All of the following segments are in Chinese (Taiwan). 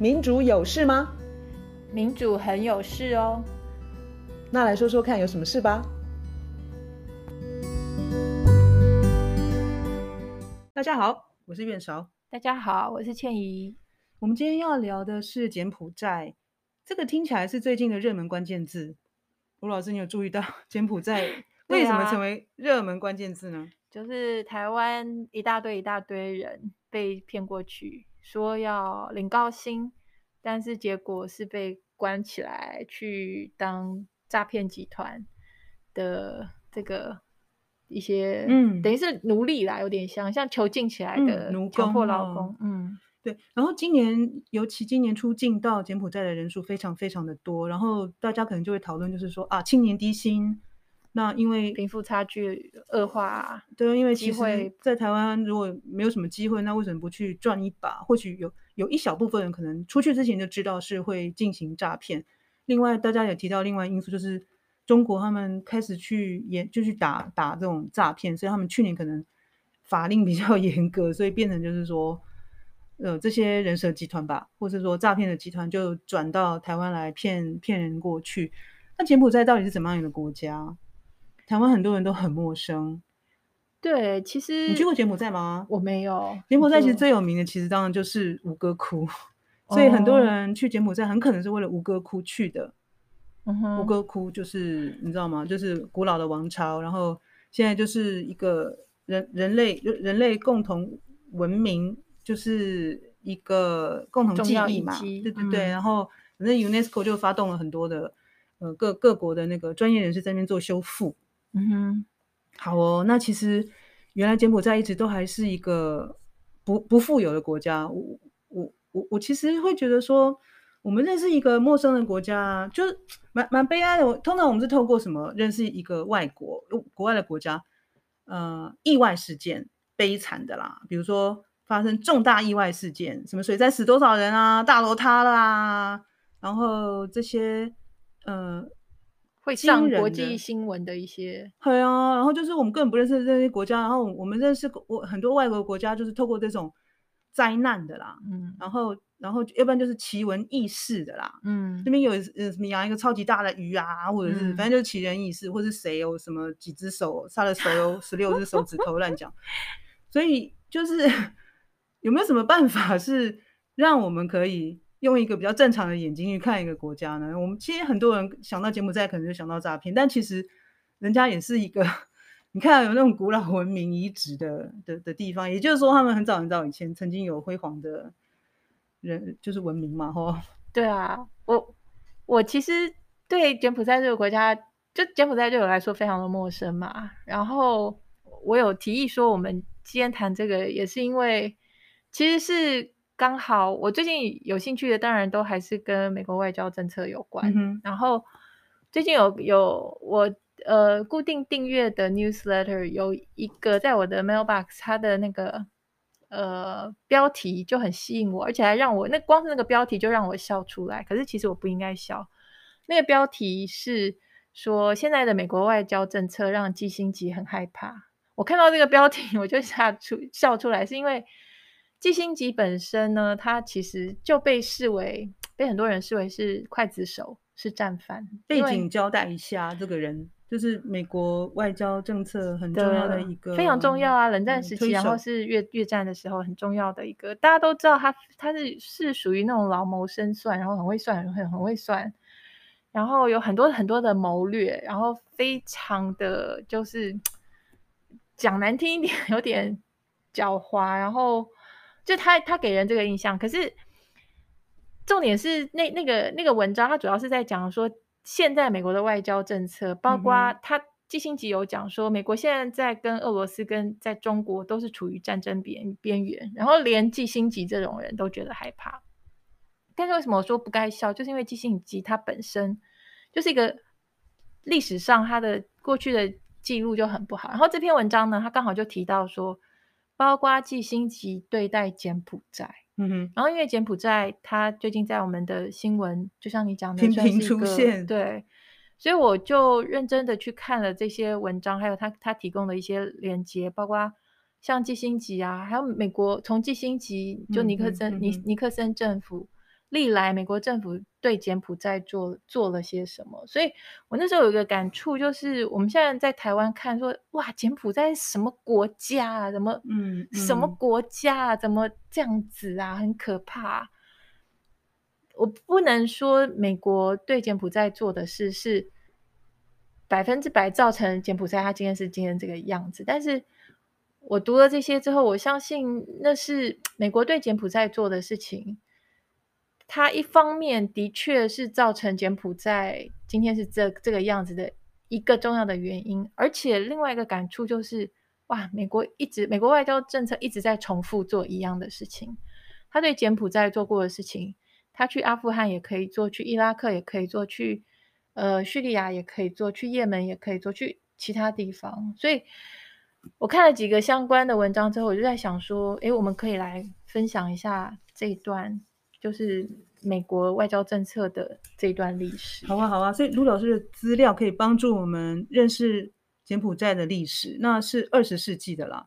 民主有事嗎？民主很有事哦。那來說說看，有什麼事吧？大家好，我是苑韶。大家好，我是倩怡。我們今天要聊的是柬埔寨，這個聽起來是最近的熱門關鍵字。吳老師，你有注意到柬埔寨為什麼成為熱門關鍵字呢？ 對啊，就是台灣一大堆一大堆人被騙過去。說要領高薪，但是結果是被關起來去當詐騙集團的這個一些，嗯，等於是奴隸啦，有點像像囚禁起來的奴工，嗯，哦、嗯對。然後今年，尤其今年出境到柬埔寨的人數非常非常的多，然後大家可能就會討論，就是說啊，青年低薪，那因為貧富差距惡化，對，因為機會在台灣如果沒有什麼機會，機會，那為什麼不去賺一把？或許有有一小部分人可能出去之前就知道是會進行詐騙。另外，大家也提到另外因素就是中國他們開始去嚴，就去打打這種詐騙。所以他們去年可能法令比較嚴格，所以變成就是說，呃，這些人蛇集團吧，或者說詐騙的集團就轉到台灣來騙騙人過去。那柬埔寨到底是怎麼樣一個國家？台灣很多人都很陌生，對，其實你去過柬埔寨嗎？我沒有。柬埔寨其實最有名的，其實當然就是吳哥窟，嗯、所以很多人去柬埔寨很可能是為了吳哥窟去的。嗯哼，吳哥窟就是你知道嗎？就是古老的王朝，然後現在就是一個人人類人類共同文明，就是一個共同記憶嘛，對對對。嗯、然後反正 UNESCO 就發動了很多的呃各各國的那個專業人士在那邊做修復。嗯哼，好哦。那其實原來柬埔寨一直都還是一個不不富有的國家。我我我我其實會覺得說，我們認識一個陌生的國家，就是蠻蠻悲哀的。通常我們是透過什麼認識一個外國國外的國家？呃，意外事件悲慘的啦，比如說發生重大意外事件，什麼水災死多少人啊，大樓塌了啊，然後這些呃。會上國際新聞的一些，對啊，然後就是我們根本不認識這些國家，然後我們認識我很多外國國家，就是透過這種災難的啦，嗯然後，然後然後要不然就是奇聞異事的啦，嗯，那邊有呃什麼養一個超級大的魚啊，或者是、嗯、反正就是奇人異事，或是誰有、哦、什麼幾只手，殺了誰有十六隻手指頭亂講， 所以就是有沒有什麼辦法是讓我們可以？用一個比較正常的眼睛去看一個國家呢？我們其實很多人想到柬埔寨，可能就想到詐騙，但其實人家也是一個，你看有那種古老文明遺址的的的地方，也就是說他們很早很早以前曾經有輝煌的人，就是文明嘛，吼、哦。對啊，我我其實對柬埔寨這個國家，就柬埔寨對我來說非常的陌生嘛。然後我有提議說，我們今天談這個，也是因為其實是。剛好我最近有興趣的，當然都還是跟美國外交政策有關。嗯、哼然後最近有有我呃固定訂閱的 newsletter 有一個在我的 mailbox，它的那個呃標題就很吸引我，而且還讓我那光是那個標題就讓我笑出來。可是其實我不應該笑，那個標題是說，現在的美國外交政策讓季辛吉很害怕。我看到這個標題我就嚇出笑出來，是因為。季辛吉本身呢，他其實就被視為被很多人視為是劊子手，是戰犯。背景交代一下，這個人就是美國外交政策很重要的一個，非常重要啊。冷戰時期，嗯、然後是越越戰的時候很重要的一個，大家都知道他他是是屬於那種老謀深算，然後很會算，很會很會算，然後有很多很多的謀略，然後非常的就是講難聽一點，有點狡猾，然後。就他他給人這個印象，可是重點是那那個那個文章，他主要是在講說，現在美國的外交政策，包括他，嗯嗯他季辛吉有講說，美國現在在跟俄羅斯、跟在中國都是處於戰爭邊邊緣，然後連季辛吉這種人都覺得害怕。但是為什麼我說不該笑，就是因為季辛吉他本身就是一個歷史上他的過去的記錄就很不好，然後這篇文章呢，他剛好就提到說。包括季辛吉對待柬埔寨，嗯哼，然後因為柬埔寨他最近在我們的新聞，就像你講的頻頻出現，對，所以我就認真的去看了這些文章，還有他他提供的一些鏈接，包括像季辛吉啊，還有美國從季辛吉就尼克森嗯哼嗯哼尼尼克森政府。歷來美國政府對柬埔寨做做了些什麼？所以我那時候有一個感觸，就是我們現在在台灣看說，哇，柬埔寨什麼國家啊？怎麼嗯，嗯什麼國家啊？怎麼這樣子啊？很可怕。我不能說美國對柬埔寨做的事是百分之百造成柬埔寨他今天是今天這個樣子，但是我讀了這些之後，我相信那是美國對柬埔寨做的事情。它一方面的確是造成柬埔寨今天是這這個樣子的一個重要的原因，而且另外一個感觸就是，哇，美國一直，美國外交政策一直在重複做一樣的事情，他對柬埔寨做過的事情，他去阿富汗也可以做，去伊拉克也可以做，去呃敘利亞也可以做，去葉門也可以做，去其他地方。所以我看了幾個相關的文章之後，我就在想說，誒，我們可以來分享一下這一段。就是美國外交政策的這一段歷史。好啊，好啊，所以盧老師的資料可以幫助我們認識柬埔寨的歷史。那是二十世紀的啦。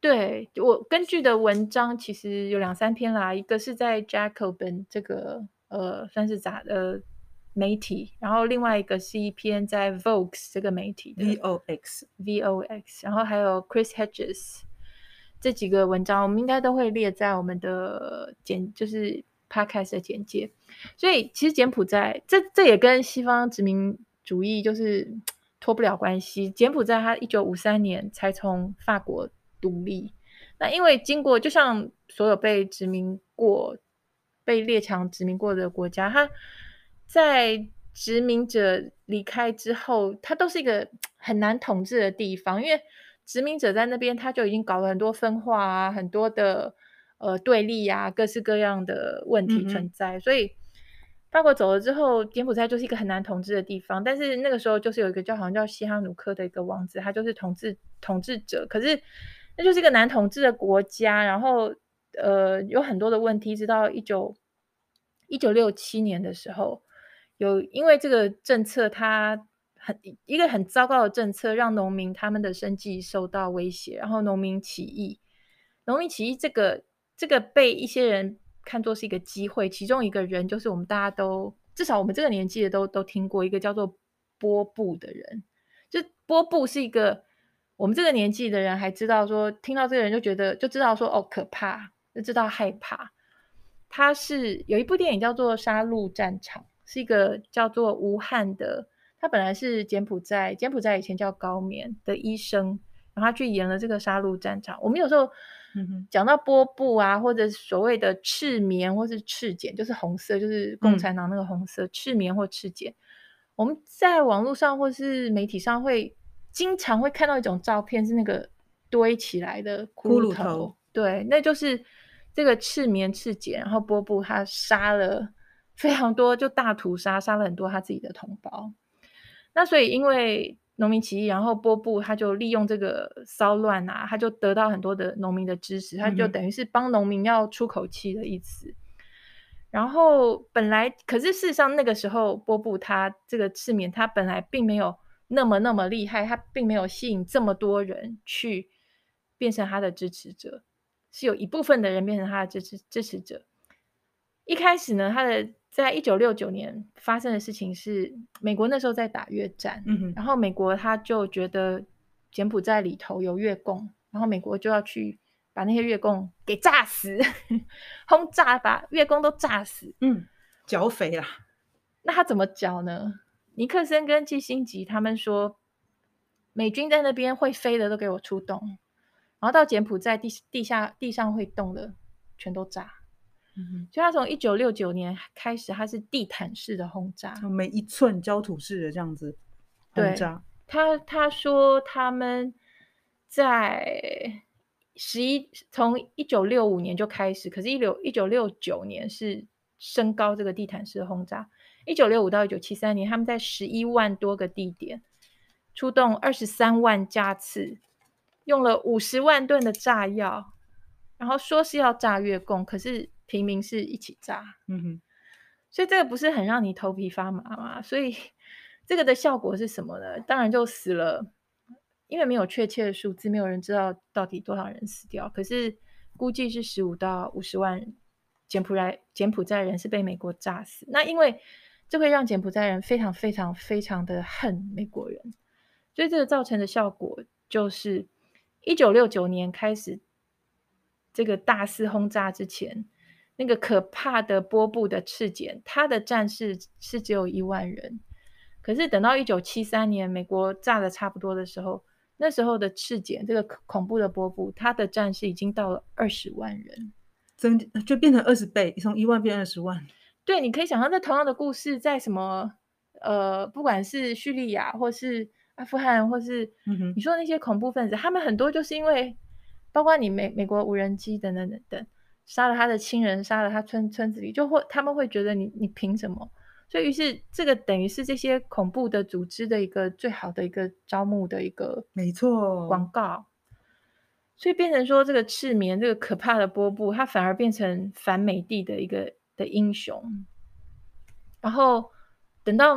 對，我根據的文章其實有兩三篇啦，一個是在 Jacobin 這個呃算是雜呃媒體，然後另外一個是一篇在 Vox 這個媒體的。Vox，Vox，然後還有 Chris Hedges 這幾個文章，我們應該都會列在我們的簡就是。Podcast 的簡介，所以其實柬埔寨這這也跟西方殖民主義就是脫不了關係。柬埔寨它一九五三年才從法國獨立，那因為經過就像所有被殖民過、被列強殖民過的國家，它在殖民者離開之後，它都是一個很難統治的地方，因為殖民者在那邊他就已經搞了很多分化啊，很多的。呃，對立呀、啊，各式各樣的問題存在，嗯、哼所以法國走了之後，柬埔寨就是一個很難統治的地方。但是那個時候，就是有一個叫好像叫西哈努克的一個王子，他就是統治統治者。可是那就是一個難統治的國家，然後呃，有很多的問題。直到一九一九六七年的時候，有因為這個政策它，他很一個很糟糕的政策，讓農民他們的生計受到威脅，然後農民起義，農民起義這個。這個被一些人看作是一個機會，其中一個人就是我們大家都至少我們這個年紀的都都聽過一個叫做波布的人，就波布是一個我們這個年紀的人還知道說聽到這個人就覺得就知道說哦可怕就知道害怕。他是有一部電影叫做《殺戮戰場》，是一個叫做吳漢的，他本來是柬埔寨柬埔寨以前叫高棉的醫生，然後他去演了這個《殺戮戰場》，我們有時候。講、嗯、到波布啊，或者所謂的赤棉，或是赤柬，就是紅色，就是共產黨那個紅色、嗯、赤棉或赤柬。我們在網絡上或是媒體上會經常會看到一種照片，是那個堆起來的骷髏頭。髏頭對，那就是這個赤棉赤柬，然後波布他殺了非常多，就大屠殺，殺了很多他自己的同胞。那所以因為。農民起義，然後波布他就利用這個騷亂啊，他就得到很多的農民的支持，他就等於是幫農民要出口氣的意思。嗯、然後本來，可是事實上那個時候，波布他這個赤棉，他本來並沒有那麼那麼厲害，他並沒有吸引這麼多人去變成他的支持者，是有一部分的人變成他的支持支持者。一開始呢，他的。在一九六九年發生的事情是，美國那時候在打越戰，嗯、哼然後美國他就覺得柬埔寨裡頭有越共，然後美國就要去把那些越共給炸死， 轟炸把越共都炸死，嗯，剿匪啦。那他怎麼剿呢？尼克森跟季辛吉他們說，美軍在那邊會飛的都給我出動，然後到柬埔寨地地下地上會動的全都炸。就他從一九六九年開始，他是地毯式的轟炸，每一寸焦土式的這樣子轟炸。對，他他說他們在十一從一九六五年就開始，可是一六一九六九年是升高這個地毯式的轟炸。一九六五到一九七三年，他們在十一萬多個地點出動二十三萬架次，用了五十萬噸的炸藥，然後說是要炸越共，可是。平民是一起炸，嗯哼，所以這個不是很讓你頭皮發麻嘛？所以這個的效果是什麼呢？當然就死了，因為沒有確切的數字，沒有人知道到底多少人死掉。可是估計是十五到五十萬柬埔寨人，柬埔寨人是被美國炸死。那因為這會讓柬埔寨人非常非常非常的恨美國人，所以這個造成的效果就是一九六九年開始這個大肆轟炸之前。那個可怕的波布的赤柬，他的戰士是只有一萬人，可是等到一九七三年美國炸的差不多的時候，那時候的赤柬這個恐怖的波布，他的戰士已經到了二十萬人，增就變成二十倍，從一萬變二十萬。對，你可以想象，在同樣的故事，在什麼呃，不管是敘利亞，或是阿富汗，或是、嗯、哼你說那些恐怖分子，他們很多就是因為包括你美美國無人機等等，等等等等。殺了他的親人，殺了他村村子裡，就會他們會覺得你你憑什麼？所以於是這個等於是這些恐怖的組織的一個最好的一個招募的一個沒錯廣告，錯所以變成說這個赤棉這個可怕的波布，他反而變成反美帝的一個的英雄。然後等到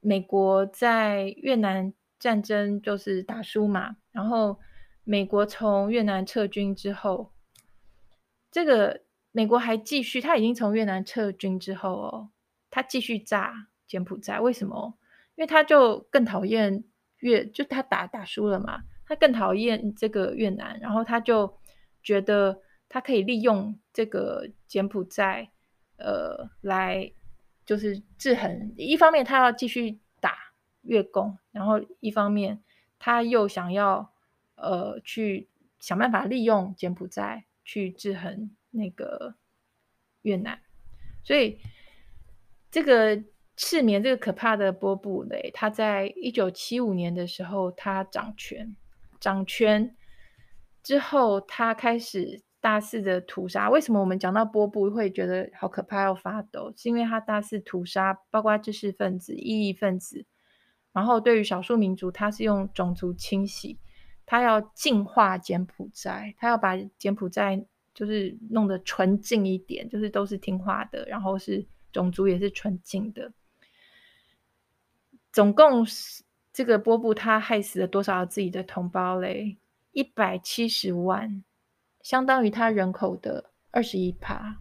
美國在越南戰爭就是打輸嘛，然後美國從越南撤軍之後。這個美國還繼續，他已經從越南撤軍之後哦，他繼續炸柬埔寨。為什麼？因為他就更討厭越，就他打打輸了嘛，他更討厭這個越南，然後他就覺得他可以利用這個柬埔寨，呃，來就是制衡。一方面他要繼續打越共，然後一方面他又想要呃去想辦法利用柬埔寨。去制衡那個越南，所以這個赤棉這個可怕的波布雷，他在一九七五年的時候他掌權。掌權之後他開始大肆的屠殺。為什麼我們講到波布會覺得好可怕要發抖？是因為他大肆屠殺，包括知識分子、異議分子，然後對於少數民族，他是用種族清洗。他要淨化柬埔寨，他要把柬埔寨就是弄得純淨一點，就是都是聽話的，然後是種族也是純淨的。總共是這個波布他害死了多少自己的同胞嘞？一百七十萬，相當於他人口的二十一趴，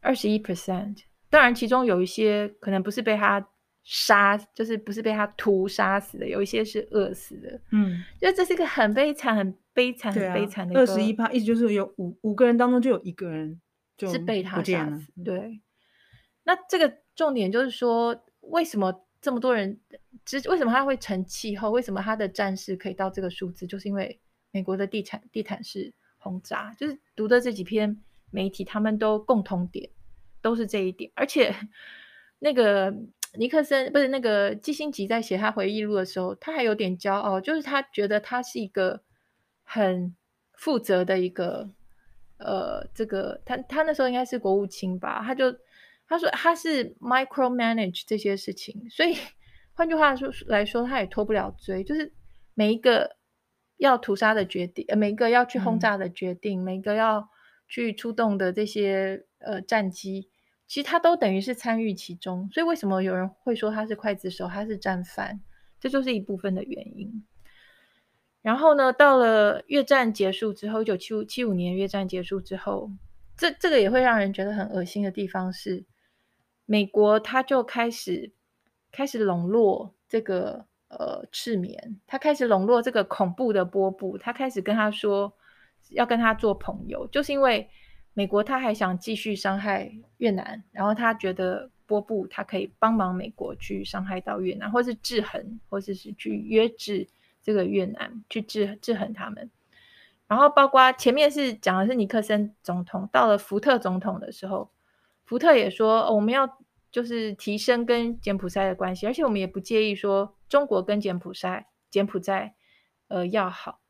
二十一 percent。當然，其中有一些可能不是被他。殺就是不是被他屠殺死的，有一些是餓死的。嗯，就為這是一個很悲慘、很悲慘、對啊、很悲慘的。二十一趴，意思就是有五五個人當中就有一個人就是被他殺死。對，那這個重點就是說，為什麼這麼多人？其實為什麼他會成氣候？為什麼他的戰事可以到這個數字？就是因為美國的地毯地毯式轟炸。就是讀的這幾篇媒體，他們都共同點都是這一點，而且那個。尼克森不是那個季辛吉在寫他回憶錄的時候，他還有點驕傲，就是他覺得他是一個很負責的一個呃，這個他他那時候應該是國務卿吧，他就他說他是 micro manage 這些事情，所以換句話說來說，他也脫不了罪，就是每一個要屠殺的決定，呃，每一個要去轟炸的決定，嗯、每一個要去出動的這些呃戰機。其實他都等於是參與其中，所以為什麼有人會說他是劊子手，他是戰犯，這就是一部分的原因。然後呢，到了越戰結束之後，一九七五七五年越戰結束之後，這這個也會讓人覺得很惡心的地方是，美國他就開始開始籠絡這個呃赤棉，他開始籠絡這個恐怖的波布，他開始跟他說要跟他做朋友，就是因為。美國他還想繼續傷害越南，然後他覺得波布他可以幫忙美國去傷害到越南，或是制衡，或者是去約制這個越南，去制制衡他們。然後包括前面是講的是尼克森總統，到了福特總統的時候，福特也說，哦，我們要就是提升跟柬埔寨的關係，而且我們也不介意說中國跟柬埔寨、柬埔寨呃要好。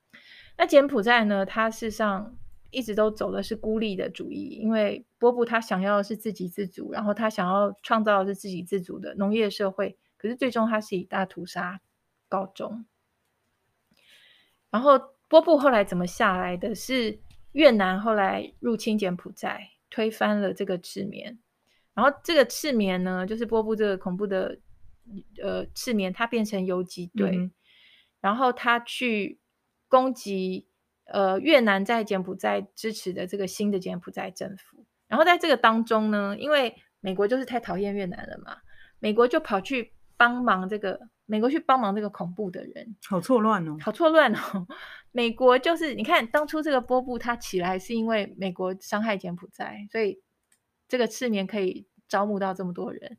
那柬埔寨呢，它事實上。一直都走的是孤立的主義，因為波布他想要的是自給自足，然後他想要創造的是自給自足的農業社會，可是最終他是以大屠殺告終。然後波布後來怎麼下來的？是越南後來入侵柬埔寨，推翻了這個赤棉，然後這個赤棉呢，就是波布這個恐怖的呃赤棉，它變成游擊隊，嗯，然後他去攻擊，呃，越南在柬埔寨支持的這個新的柬埔寨政府，然後在這個當中呢，因為美國就是太討厭越南了嘛，美國就跑去幫忙這個美國去幫忙這個恐怖的人，好錯亂哦，好錯亂哦，美國就是你看當初這個波布他起來是因為美國傷害柬埔寨，所以這個赤柬可以招募到這麼多人，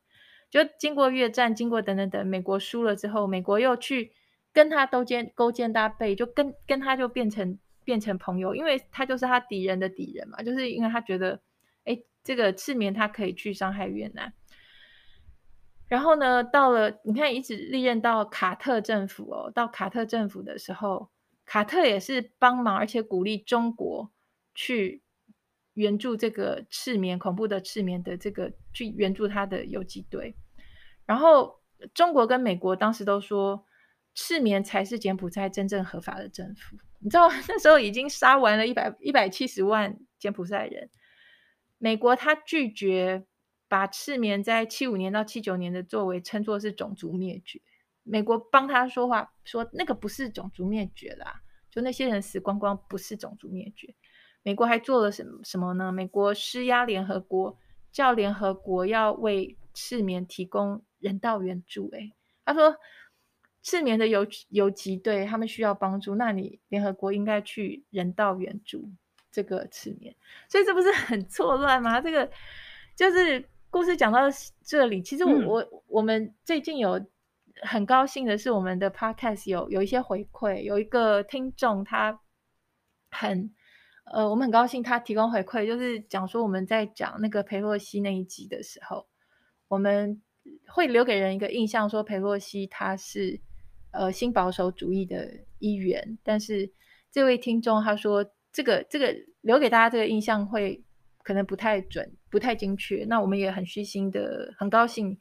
就經過越戰，經過等等等等，美國輸了之後，美國又去跟他勾肩勾肩搭背，就跟跟他就變成。變成朋友，因為他就是他敵人的敵人嘛，就是因為他覺得，哎、欸，這個赤棉他可以去傷害越南。然後呢，到了你看一直歷任到卡特政府哦，到卡特政府的時候，卡特也是幫忙而且鼓勵中國去援助這個赤棉恐怖的赤棉的這個去援助他的游擊隊。然後中國跟美國當時都說。赤棉才是柬埔寨真正合法的政府，你知道那時候已經殺完了一百一百七十萬柬埔寨人。美國他拒絕把赤棉在七五年到七九年的作為稱作是種族滅絕。美國幫他說話，說那個不是種族滅絕啦，就那些人死光光不是種族滅絕。美國還做了什麼什麼呢？美國施壓聯合國，叫聯合國要為赤棉提供人道援助、欸。誒，他說。赤棉的游游擊隊，他們需要幫助，那你聯合國應該去人道援助這個赤棉，所以這不是很錯亂嗎？這個就是故事講到這裡。其實我、嗯、我我們最近有很高興的是，我們的 podcast 有有一些回饋，有一個聽眾他很呃，我們很高興他提供回饋，就是講說我們在講那個裴洛西那一集的時候，我們會留給人一個印象，說裴洛西他是。呃，新保守主義的一員，但是這位聽眾他說這個這個留給大家這個印象會可能不太準，不太精確。那我們也很虛心的，很高興，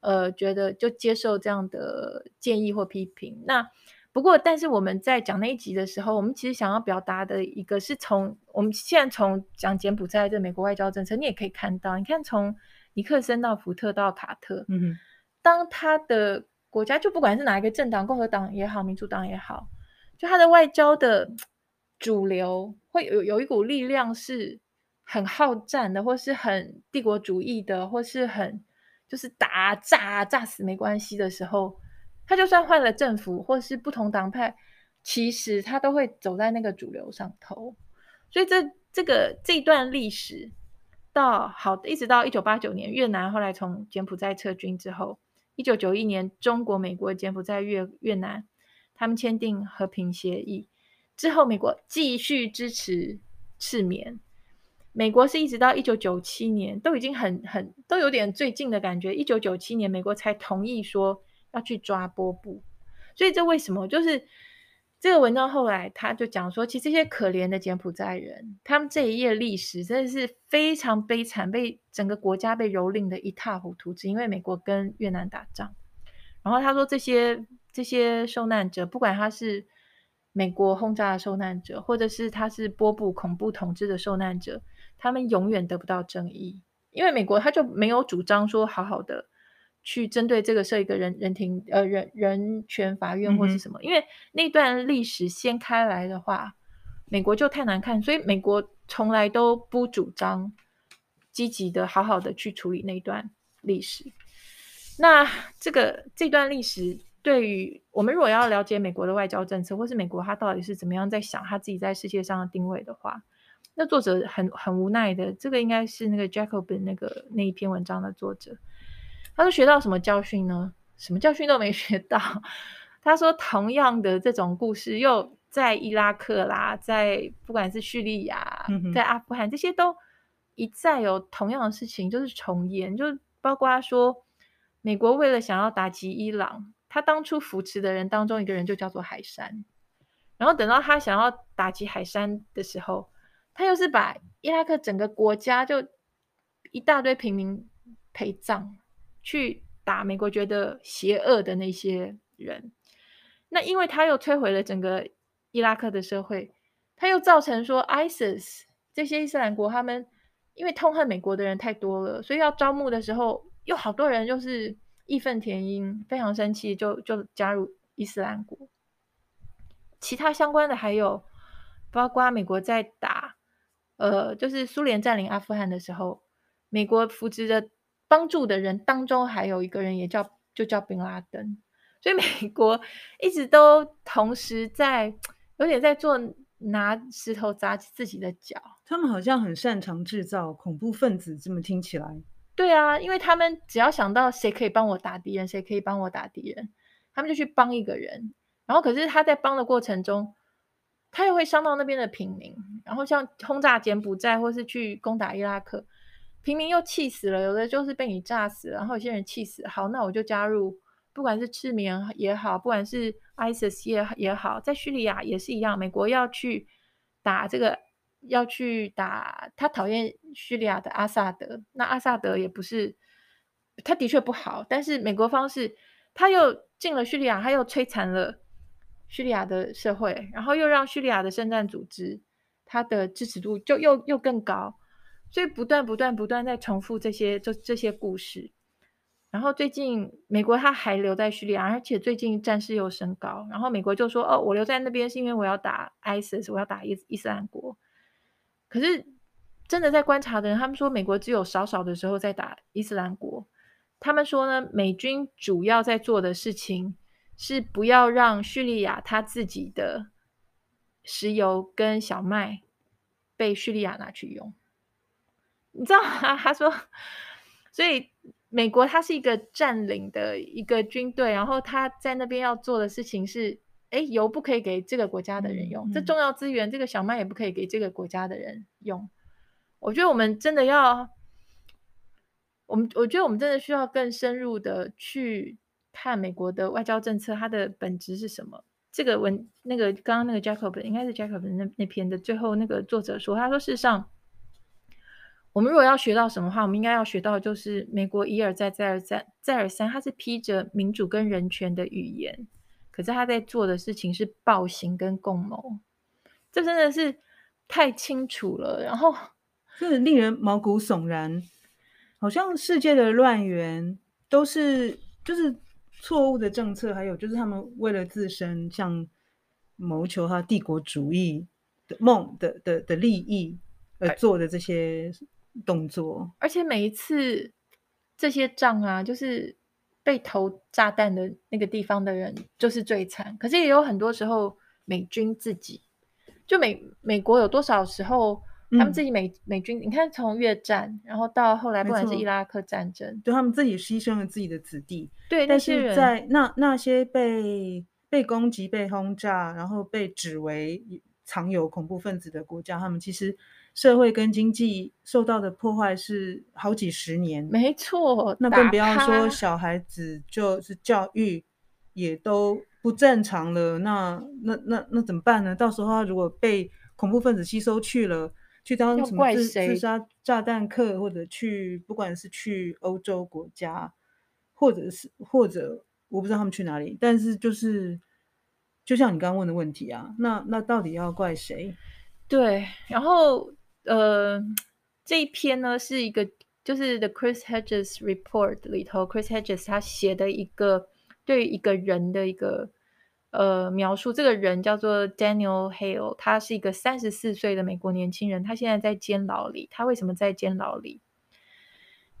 呃，覺得就接受這樣的建議或批評。那不過，但是我們在講那一集的時候，我們其實想要表達的一個是從我們現在從講柬，柬埔寨這美國外交政策，你也可以看到，你看從尼克森到福特到卡特，嗯哼當他的。國家就不管是哪一個政黨，共和黨也好，民主黨也好，就他的外交的主流會有有一股力量是很好戰的，或是很帝國主義的，或是很就是打炸炸死沒關係的時候，他就算換了政府，或是不同黨派，其實他都會走在那個主流上頭。所以這這個這一段歷史到好一直到一九八九年越南後來從柬埔寨撤軍之後。一九九一年，中國、美國、柬埔寨在越越南，他們簽訂和平協議之後，美國繼續支持赤棉。美國是一直到一九九七年，都已經很很都有點最近的感覺。一九九七年，美國才同意說要去抓波布，所以這為什麼就是？這個文章後來他就講說，其實這些可憐的柬埔寨人，他們這一頁歷史真的是非常悲慘，被整個國家被蹂躪的一塌糊塗，只因為美國跟越南打仗。然後他說，這些這些受難者，不管他是美國轟炸的受難者，或者是他是波布恐怖統治的受難者，他們永遠得不到正義，因為美國他就沒有主張說，好好的。去針對這個設一個人人庭，呃，人人權法院或是什麼？嗯、哼因為那段歷史掀開來的話，美國就太難看，所以美國從來都不主張積極的好好的去處理那段歷史。那這個這段歷史對於我們如果要了解美國的外交政策，或是美國他到底是怎麼樣在想他自己在世界上的定位的話，那作者很很無奈的，這個應該是那個 Jacobin 那個那一篇文章的作者。他說：“學到什麼教訓呢？什麼教訓都沒學到。”他說：“同樣的這種故事又在伊拉克啦，在不管是敘利亞、在阿富汗，嗯、哼這些都一再有同樣的事情，就是重演。就包括說，美國為了想要打擊伊朗，他當初扶持的人當中，一個人就叫做海珊。然後等到他想要打擊海珊的時候，他又是把伊拉克整個國家就一大堆平民陪葬。”去打美國覺得邪惡的那些人，那因為他又摧毀了整個伊拉克的社會，他又造成說 ISIS 這些伊斯蘭國他們因為痛恨美國的人太多了，所以要招募的時候有好多人就是義憤填膺，非常生氣，就就加入伊斯蘭國。其他相關的還有包括美國在打，呃，就是蘇聯占領阿富汗的時候，美國扶植的。幫助的人當中，還有一個人也叫，就叫賓拉登。所以美國一直都同時在有點在做拿石頭砸自己的腳。他們好像很擅長制造恐怖分子，這麼聽起來，對啊，因為他們只要想到誰可以幫我打敵人，誰可以幫我打敵人，他們就去幫一個人。然後可是他在幫的過程中，他又會傷到那邊的平民。然後像轟炸柬柬埔寨寨或是去攻打伊拉克。平民又氣死了，有的就是被你炸死了，然後有些人氣死了。好，那我就加入，不管是赤棉也好，不管是 ISIS 也 IS 也好，在敘利亞也是一樣。美國要去打這個，要去打他討厭敘利亞的阿薩德。那阿薩德也不是，他的確不好，但是美國方式，他又進了敘利亞，他又摧殘了敘利亞的社會，然後又讓敘利亞的聖戰組織，他的支持度就又又更高。所以不斷不斷不斷在重複這些這這些故事，然後最近美國他還留在敘利亞，而且最近戰事又升高，然後美國就說：“哦，我留在那邊是因為我要打 ISIS，我要打伊伊斯蘭國。”可是真的在觀察的人，他們說美國只有少少的時候在打伊斯蘭國。他們說呢，美軍主要在做的事情是不要讓敘利亞他自己的石油跟小麥被敘利亞拿去用。你知道他他說，所以美國它是一個佔領的一個軍隊，然後他在那邊要做的事情是：哎，油不可以給這個國家的人用，嗯、這重要資源；嗯、這個小麥也不可以給這個國家的人用。我覺得我們真的要，我們我覺得我們真的需要更深入的去看美國的外交政策，它的本質是什麼？這個文那個剛剛那個 Jacob 應該是 Jacob 那那篇的最後那個作者說，他說：事實上。我們如果要學到什麼話，我們應該要學到的就是美國一而再、再而再、再而三，他是披着民主跟人權的語言，可是他在做的事情是暴行跟共謀。這真的是太清楚了，然後真的令人毛骨悚然，好像世界的亂源都是就是錯誤的政策，還有就是他們為了自身像謀求他帝國主義的夢的的的、的利益而做的這些。哎動作，而且每一次這些仗啊，就是被投炸彈的那個地方的人就是最慘。可是也有很多時候，美軍自己就美美國有多少時候，他們自己美、嗯、美軍，你看從越戰，然後到後來不管是伊拉克戰爭，對，他們自己犧牲了自己的子弟。對，但是在那那些被被攻擊、被轟炸，然後被指為藏有恐怖分子的國家，他們其實。社會跟經濟受到的破壞是好幾十年。沒錯。那更不要說小孩子，就是教育也都不正常了。那那那那怎麼辦呢？到時候他如果被恐怖分子吸收去了，去當什麼自殺炸彈客，或者去不管是去歐洲國家，或者是或者我不知道他們去哪裡，但是就是就像你剛剛問的問題啊，那那到底要怪誰？對，然後。呃，這一篇呢是一個，就是 The Chris Hedges Report 裡頭，Chris Hedges 他寫的一個對於一個人的一個呃描述。這個人叫做 Daniel Hale，他是一個三十四歲的美國年輕人，他現在在監牢裡。他為什麼在監牢裡？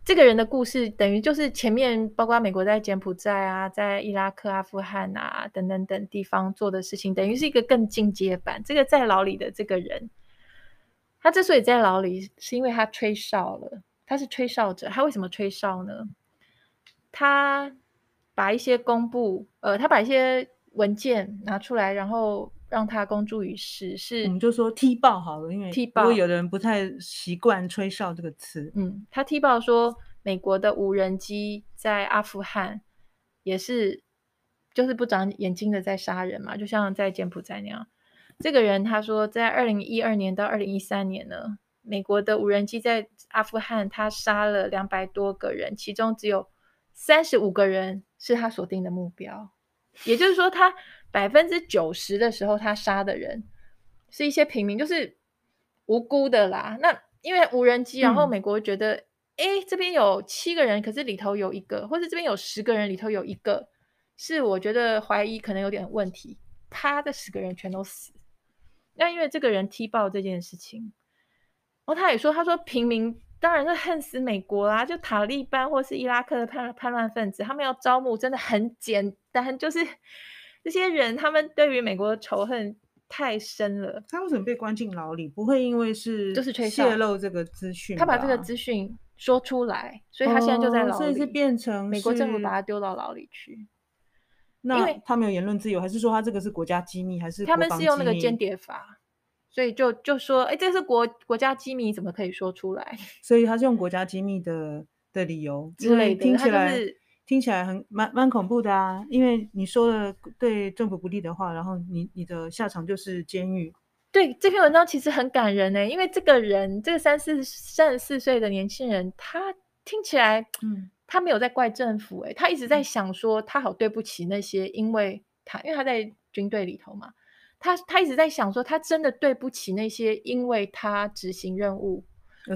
這個人的故事等於就是前面包括美國在柬埔寨啊、在伊拉克、阿富汗啊等等等地方做的事情，等於是一個更進階版。這個在牢裡的這個人。他之所以在牢裡，是因為他吹哨了。他是吹哨者。他為什麼吹哨呢？他把一些公布，呃，他把一些文件拿出來，然後讓他公諸於世。是，我們就說踢爆好了，因為踢爆，因為有的人不太習慣吹哨這個詞。嗯，他踢爆說，美國的無人機在阿富汗也是，就是不長眼睛的在殺人嘛，就像在柬埔寨那樣。這個人他說，在二零一二年到二零一三年呢，美國的無人機在阿富汗，他殺了兩百多個人，其中只有三十五個人是他鎖定的目標，也就是說他90，他百分之九十的時候，他殺的人是一些平民，就是無辜的啦。那因為無人機，嗯、然後美國覺得，誒，這邊有七個人，可是裡頭有一個，或是這邊有十個人，裡頭有一個是我覺得懷疑可能有點問題，他的十個人全都死。那因為這個人踢爆這件事情，然後、哦、他也說：“他說平民當然是恨死美國啦，就塔利班或是伊拉克的叛叛亂分子，他們要招募真的很簡單，就是這些人他們對於美國的仇恨太深了。他為什麼被關進牢裡？不會因為是就是泄露這個資訊，他把這個資訊說出來，所以他現在就在牢裡、哦，所以是變成是美國政府把他丟到牢裡去。”那他沒有言論自由，為還是說他這個是國家機密？還是他們是用那個間諜法，所以就就說，哎、欸，這是國國家機密，怎麼可以說出來？所以他是用國家機密的的理由，之類聽起來對對對，就是、聽起來很蠻蠻恐怖的啊！因為你說的對政府不利的話，然後你你的下場就是監獄。對，這篇文章其實很感人呢，欸，因為這個人這個三四三十四歲的年輕人，他聽起來嗯。他沒有在怪政府、欸，哎，他一直在想說，他好對不起那些，因為他，因為他在軍隊裡頭嘛，他他一直在想說，他真的對不起那些，因為他執行任務，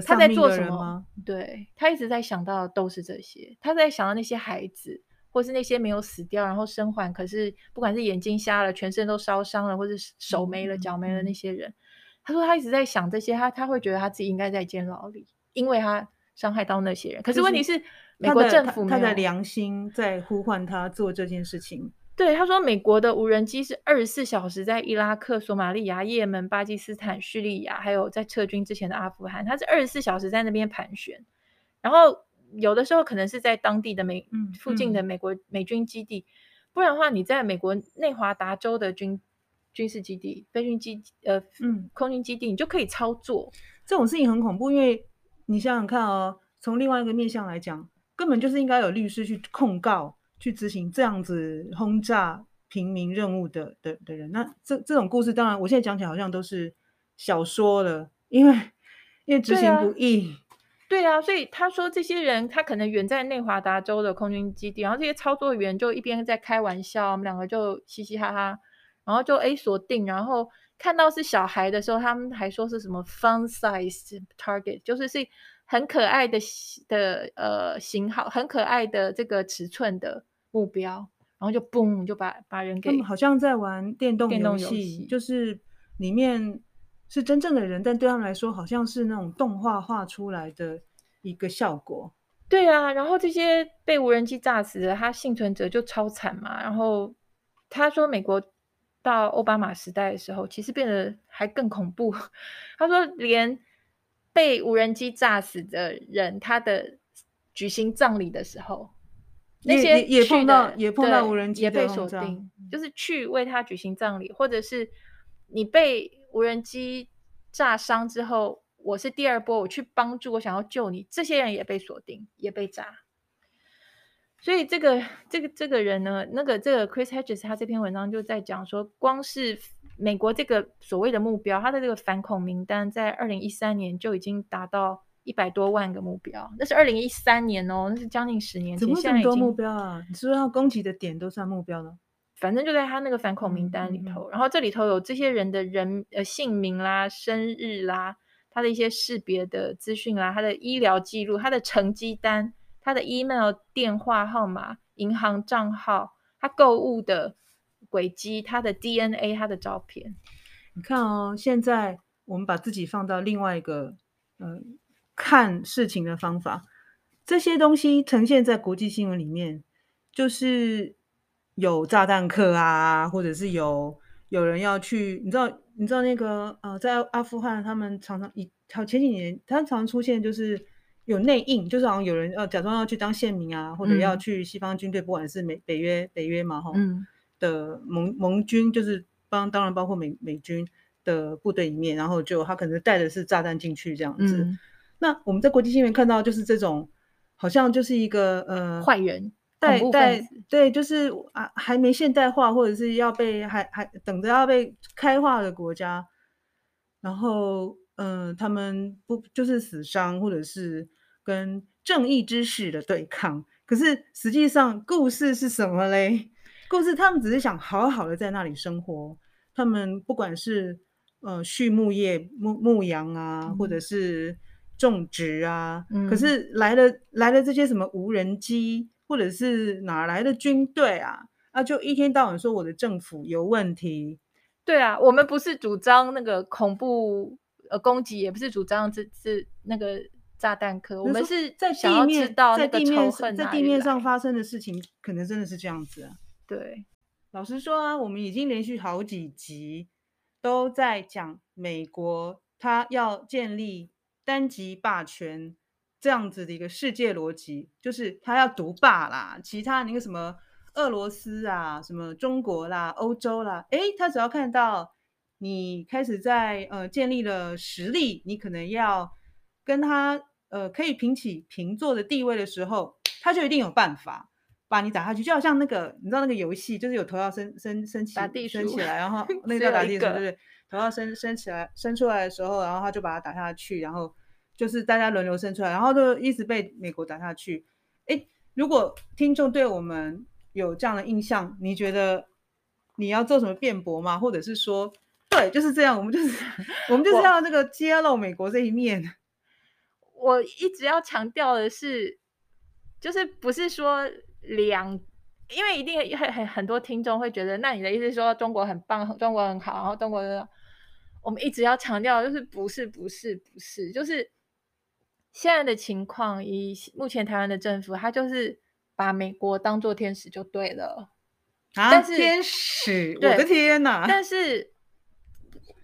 他在做什麼？對他一直在想到的都是這些，他在想到那些孩子，或是那些沒有死掉，然後生還，可是不管是眼睛瞎了，全身都燒傷了，或是手沒了、腳沒了那些人，嗯嗯嗯、他說他一直在想這些，他他會覺得他自己應該在監牢裡，因為他傷害到那些人，可是問題是。美國政府他，他的良心在呼喚他做這件事情。對，他說，美國的無人機是二十四小時在伊拉克、索馬利亞、也門、巴基斯坦、敘利亞，還有在撤軍之前的阿富汗，他是二十四小時在那邊盤旋。然後有的時候可能是在當地的美，嗯、附近的美國、嗯、美軍基地，不然的話，你在美國內華達州的軍軍事基地、飛行基地、呃，嗯、空軍基地，你就可以操作這種事情，很恐怖。因為你想想看哦，從另外一個面向來講。根本就是應該有律師去控告、去執行這樣子轟炸平民任務的的的人。那這這種故事，當然我現在講起來好像都是小說了，因為因為執行不易，對啊。對啊，所以他說這些人，他可能遠在內華達州的空軍基地，然後這些操作員就一邊在開玩笑，我們兩個就嘻嘻哈哈，然後就 A 鎖定，然後看到是小孩的時候，他們還說是什麼 fun size target，就是是。很可愛的的呃型號，很可愛的這個尺寸的目標，然後就嘣，就把把人給好像在玩電動遊戲，就是裡面是真正的人，但對他們來說好像是那種動畫畫出來的一個效果。對啊，然後這些被無人機炸死的，他倖存者就超慘嘛。然後他說，美國到奧巴馬時代的時候，其實變得還更恐怖。他說連。被無人機炸死的人，他的舉行葬禮的時候，那些也，也，也碰到的也碰到無人機，也被鎖定。嗯、就是去為他舉行葬禮，或者是你被無人機炸傷之後，我是第二波，我去幫助，我想要救你，這些人也被鎖定，也被炸。所以這個這個這個人呢，那個這個 Chris Hedges 他這篇文章就在講說，光是美國這個所謂的目標，他的這個反恐名單在二零一三年就已經達到一百多萬個目標，那是二零一三年哦，那是將近十年，怎麼這麼多目標啊？你說要攻擊的點都算目標了，反正就在他那個反恐名單裡頭，嗯嗯嗯，然後這裡頭有這些人的人呃姓名啦、生日啦，他的一些識別的資訊啦，他的醫療記錄、他的成績單。他的 email、電話號碼、銀行賬號、他購物的軌跡、他的 DNA、他的照片，你看哦。現在我們把自己放到另外一個，嗯、呃，看事情的方法。這些東西呈現在國際新聞裡面，就是有炸彈客啊，或者是有有人要去，你知道，你知道那個呃，在阿富汗他們常常，他們常常以前幾年，他常出現就是。有內應，就是好像有人要假裝要去當憲兵啊，或者要去西方軍隊，不管是美北約、北約嘛吼、嗯、的盟盟軍，就是幫當然包括美美軍的部隊裡面，然後就他可能帶的是炸彈進去這樣子。嗯、那我們在國際新聞看到，就是這種好像就是一個呃壞人帶帶對，就是啊還沒現代化，或者是要被還還等着要被開化的國家，然後嗯、呃、他們不就是死傷或者是。跟正義之士的對抗，可是實際上故事是什麼嘞？故事他們只是想好好的在那裡生活，他們不管是呃畜牧業、牧牧羊啊，或者是種植啊，嗯、可是來了來了這些什麼無人機，或者是哪來的軍隊啊？啊，就一天到晚說我的政府有問題。對啊，我們不是主張那個恐怖呃攻擊，也不是主張這這那個。炸彈殼，我們是在地面，在地面，在地面上發生的事情，可能真的是這樣子啊。對，老實說啊，我們已經連續好幾集都在講美國，他要建立單極霸權這樣子的一個世界邏輯，就是他要獨霸啦，其他那個什麼俄羅斯啊、什麼中國啦、歐洲啦，哎，他只要看到你開始在呃建立了實力，你可能要跟他。呃，可以平起平坐的地位的時候，他就一定有辦法把你打下去。就好像那個，你知道那個遊戲，就是有頭要伸伸伸起，打地伸起來，然後那個叫打地鼠對對 對。頭要伸伸起來，伸出來的時候，然後他就把它打下去，然後就是大家輪流伸出來，然後就一直被美國打下去。哎，如果聽眾對我們有這樣的印象，你覺得你要做什麼辯駁嗎？或者是說，對，就是這樣，我們就是我們就是要這個揭露美國這一面。我一直要強調的是，就是不是說兩，因為一定很很很，很多聽眾會覺得，那你的意思是說中國很棒很，中國很好，然後中國，我們一直要強調，就是不是不是不是，就是現在的情況，以目前台灣的政府，他就是把美國當做天使就對了啊。但是天使，對我的天哪、啊！但是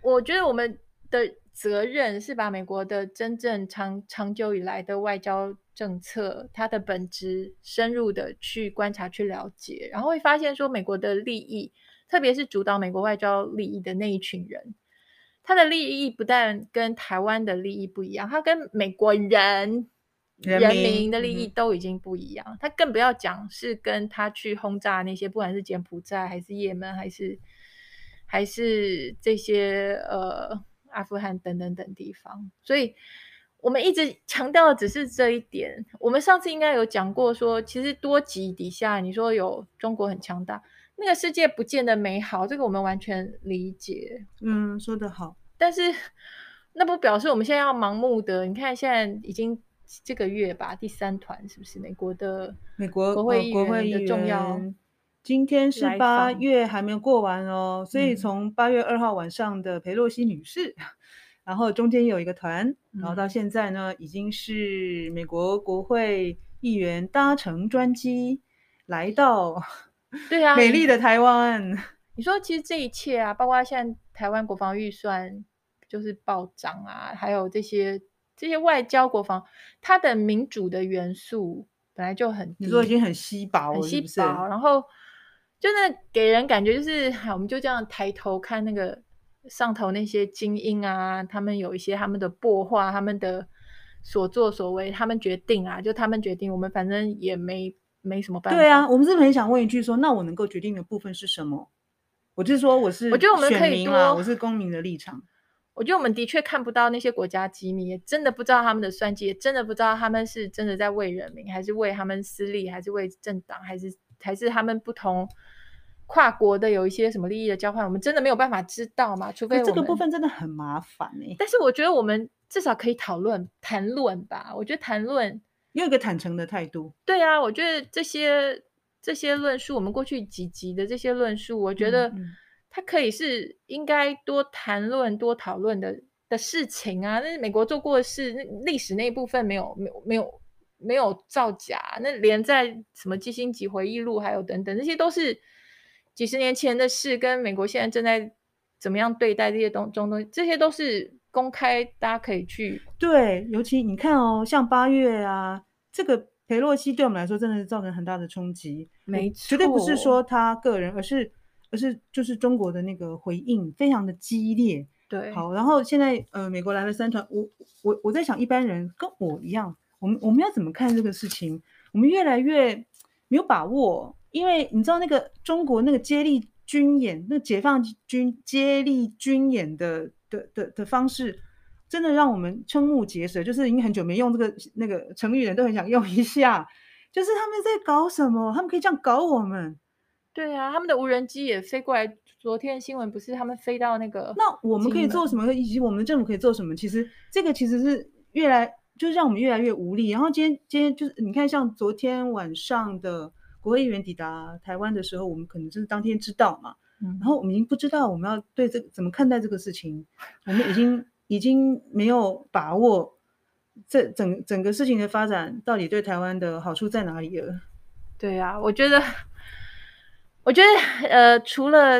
我覺得我們的責任是把美國的真正長長久以來的外交政策，它的本質深入地去觀察、去了解，然後會發現說，美國的利益，特別是主導美國外交利益的那一群人，他的利益不但跟台灣的利益不一樣，他跟美國人人民，人民的利益都已經不一樣，他、嗯、更不要講是跟他去轟炸那些，不管是柬埔寨還是也門，還是還是這些呃。阿富汗等等等地方，所以我們一直強調的只是這一點。我們上次應該有講過說，說其實多極底下，你說有中國很強大，那個世界不見得美好，這個我們完全理解。嗯，說得好，但是那不表示我們現在要盲目的。你看，現在已經這個月吧，第三團是不是美國的美國國會議員的重要？今天是八月，還沒過完哦，來訪，所以從八月二號晚上的裴洛西女士，嗯、然後中間有一個團，嗯、然後到現在呢，已經是美國國會議員搭乘專機來到，對啊，美麗的台灣。你，你說其實這一切啊，包括現在台灣國防預算就是暴漲啊，還有這些這些外交國防，它的民主的元素本來就很，你說已經很稀薄是不是，很稀薄，然後。真的給人感覺就是，我們就這樣抬頭看那個上頭那些精英啊，他們有一些他們的破壞，他們的所作所為，他們決定啊，就他們決定，我們反正也沒沒什麼辦法。對啊，我們是很想問一句說，說那我能夠決定的部分是什麼？我就說，我是、啊、我覺得我們可以多，我是公民的立場。我覺得我們的確看不到那些國家機密，也真的不知道他們的算計，也真的不知道他們是真的在為人民，還是為他們私利，還是為政黨，還是還是他們不同。跨國的有一些什麼利益的交換，我們真的沒有辦法知道嗎？除非這個部分真的很麻煩哎、欸。但是我覺得我們至少可以討論談論吧。我覺得談論用一個坦誠的態度。對啊，我覺得這些這些論述，我們過去幾集的這些論述，我覺得它可以是應該多談論多討論的的事情啊。那美國做過的事，歷史那一部分沒有沒有沒有沒有造假，那連在什麼季辛吉回憶錄還有等等這些都是。幾十年前的事，跟美國現在正在怎麼樣對待這些東中東西，這些都是公開，大家可以去。對，尤其你看哦，像八月啊，這個裴洛西對我們來說真的是造成很大的衝擊。沒錯，絕對不是說他個人，而是而是就是中國的那個回應非常的激烈。對，好，然後現在呃，美國來了三團，我我我在想，一般人跟我一樣，我們我們要怎麼看這個事情？我們越來越沒有把握。因為你知道那個中國那個接力軍演，那解放軍接力軍演的的的的的方式，真的讓我們瞠目結舌。就是已經很久沒用這個那個成語了，都很想用一下。就是他們在搞什麼？他們可以這樣搞我們？對啊，他們的無人機也飛過來。昨天新聞不是他們飛到那個……那我們可以做什麼？以及我們的政府可以做什麼？其實這個其實是越來就是讓我們越來越無力。然後今天今天就是你看，像昨天晚上的。嗯國會議員抵達台灣的時候，我們可能就是當天知道嘛，然後我們已經不知道我們要對這怎麼看待這個事情，我們已經已經沒有把握這整整個事情的發展到底對台灣的好處在哪裡了。對啊，我覺得，我覺得，呃，除了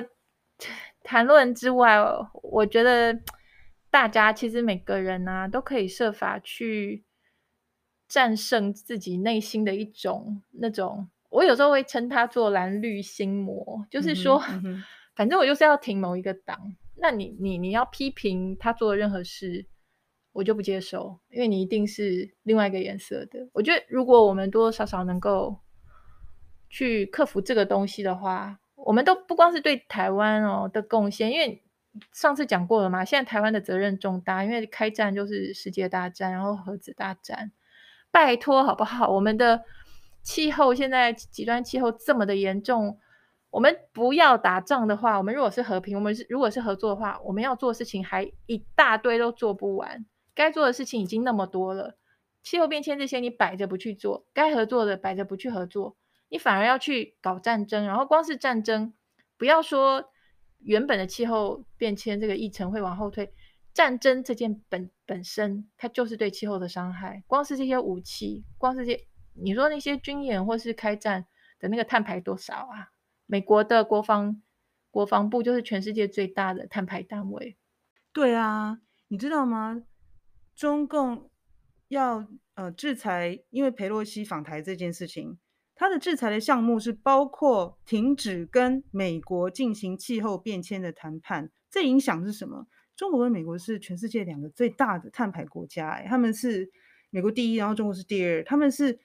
談論之外，我覺得大家其實每個人呢、啊、都可以設法去戰勝自己內心的一種那種。我有時候會稱他做藍綠心魔，就是說，嗯嗯、反正我就是要挺某一個黨。那你你你要批評他做的任何事，我就不接受，因為你一定是另外一個顏色的。我覺得如果我們多多少少能夠去克服這個東西的話，我們都不光是對台灣哦的貢獻，因為上次講過了嘛，現在台灣的責任重大，因為開戰就是世界大戰，然後核子大戰，拜托好不好？我們的。氣候現在極端氣候這麼的嚴重，我們不要打仗的話，我們如果是和平，我們是如果是合作的話，我們要做的事情還一大堆都做不完，該做的事情已經那麼多了。氣候變遷這些你擺着不去做，該合作的擺着不去合作，你反而要去搞戰爭，然後光是戰爭，不要說原本的氣候變遷這個議程會往後退，戰爭這件本本身它就是對氣候的傷害，光是這些武器，光是這。你說那些軍演或是開戰的那個碳排多少啊？美國的國防國防部就是全世界最大的碳排單位。對啊，你知道嗎？中共要呃制裁，因為裴洛西訪台這件事情，他的制裁的項目是包括停止跟美國進行氣候變遷的談判。這影響是什麼？中國跟美國是全世界兩個最大的碳排國家，欸，他們是美國第一，然後中國是第二，他們是。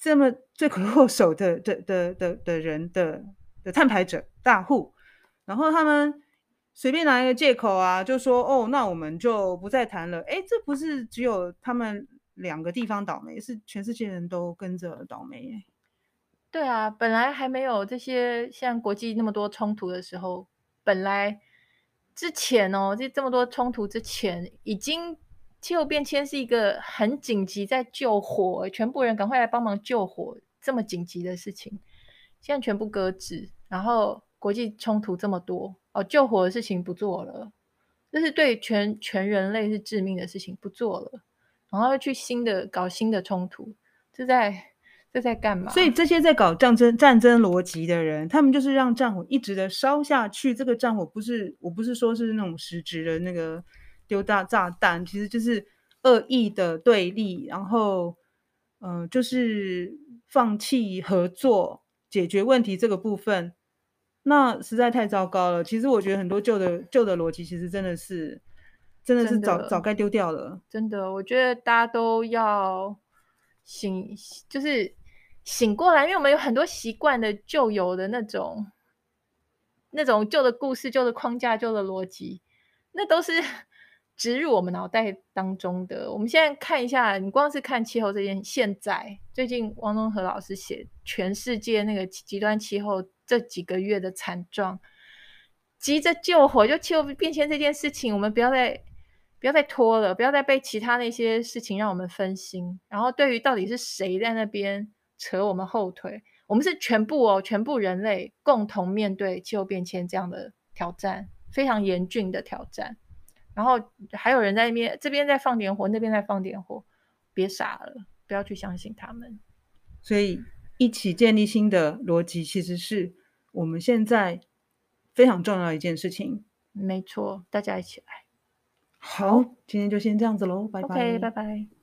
這麼罪魁禍首的的的的，的人的的碳排者大戶，然後他們隨便拿一個借口啊，就說哦，那我們就不再談了。哎，這不是只有他們兩個地方倒霉，是全世界人都跟着倒霉。對啊，本來還沒有這些像國際那麼多衝突的時候，本來之前哦，這這麼多衝突之前已經。氣候變遷是一個很緊急，在救火，全部人趕快來幫忙救火，這麼緊急的事情，現在全部擱置。然後國際衝突這麼多，哦，救火的事情不做了，這是對全全人類是致命的事情，不做了，然後又去新的搞新的衝突，這在這在幹嘛？所以這些在搞戰爭戰爭邏輯的人，他們就是讓戰火一直的燒下去。這個戰火不是，我不是說，是那種實質的那個。丟大炸彈其實就是惡意的對立，然後，嗯、呃，就是放棄合作解決問題這個部分，那實在太糟糕了。其實我覺得很多舊的舊的邏輯，其實真的是真的是早早該丟掉了。真的，我覺得大家都要醒，就是醒過來，因為我們有很多習慣的舊有的那種那種舊的故事、舊的框架、舊的邏輯，那都是。植入我們腦袋當中的，我們現在看一下，你光是看氣候這件，現在最近汪中和老師寫全世界那個極端氣候這幾個月的慘狀，急着救火，就氣候變遷這件事情，我們不要再不要再拖了，不要再被其他那些事情讓我們分心。然後，對於到底是誰在那邊扯我們後腿，我們是全部哦，全部人類共同面對氣候變遷這樣的挑戰，非常嚴峻的挑戰。然後還有人在那邊，這邊在放點火，那邊在放點火，別傻了，不要去相信他們。所以，一起建立新的邏輯，其實是我們現在非常重要的一件事情。嗯，沒錯，大家一起來。好，好，今天就先這樣子嘍，拜拜，拜拜，okay。